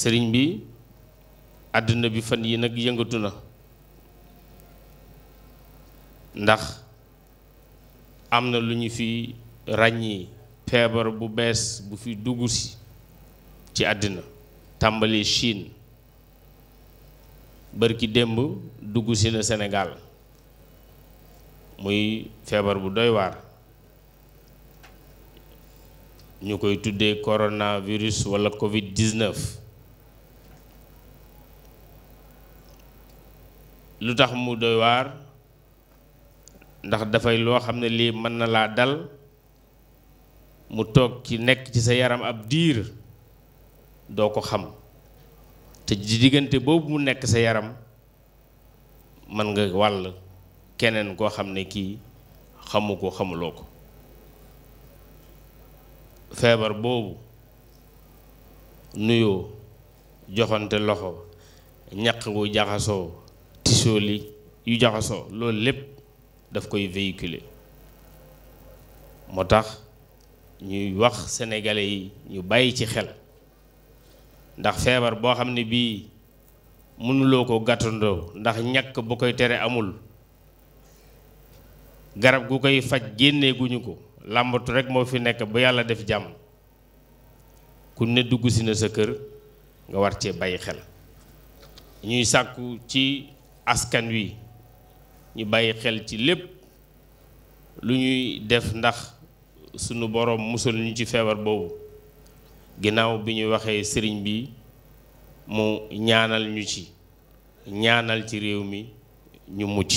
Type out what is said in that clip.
sëriñ bi àdduna bi fan yi nag yëngatu na ndax am na lu ñu fi ràññi feebar bu bees bu fi dugg si ci àddina tàmbali bër ki démb dugg si na Sénégal muy feebar bu doy waar ñu koy tuddee coronavirus wala Covid 19. lu tax mu doy waar ndax dafay loo xam ne lii mën na laa dal mu toog ci nekk ci sa yaram ab diir doo ko xam te di diggante boobu mu nekk sa yaram mën nga wàll keneen koo xam ne kii xamu ko xamuloo ko feebar boobu nuyoo joxante loxo ñaq gu jaxasoo tisooli yu jaxasoo loolu lépp daf koy véhiculer moo tax ñuy wax senegale yi ñu bàyyi ci xel ndax feebar boo xam ne bii mënuloo ko gàttandoo ndax ñàkk bu koy tere amul garab gu koy faj génnee ko làmbatu rekk moo fi nekk ba yàlla def jàmm ku ne dugg si na sa kër nga war cee bàyyi xel ñuy sàkku ci askan wi ñu bàyyi xel ci lépp lu ñuy def ndax sunu boroom musul ñu ci feebar boobu ginnaaw bi ñu waxee sëriñ bi mu ñaanal ñu ci ñaanal ci réew mi ñu mucc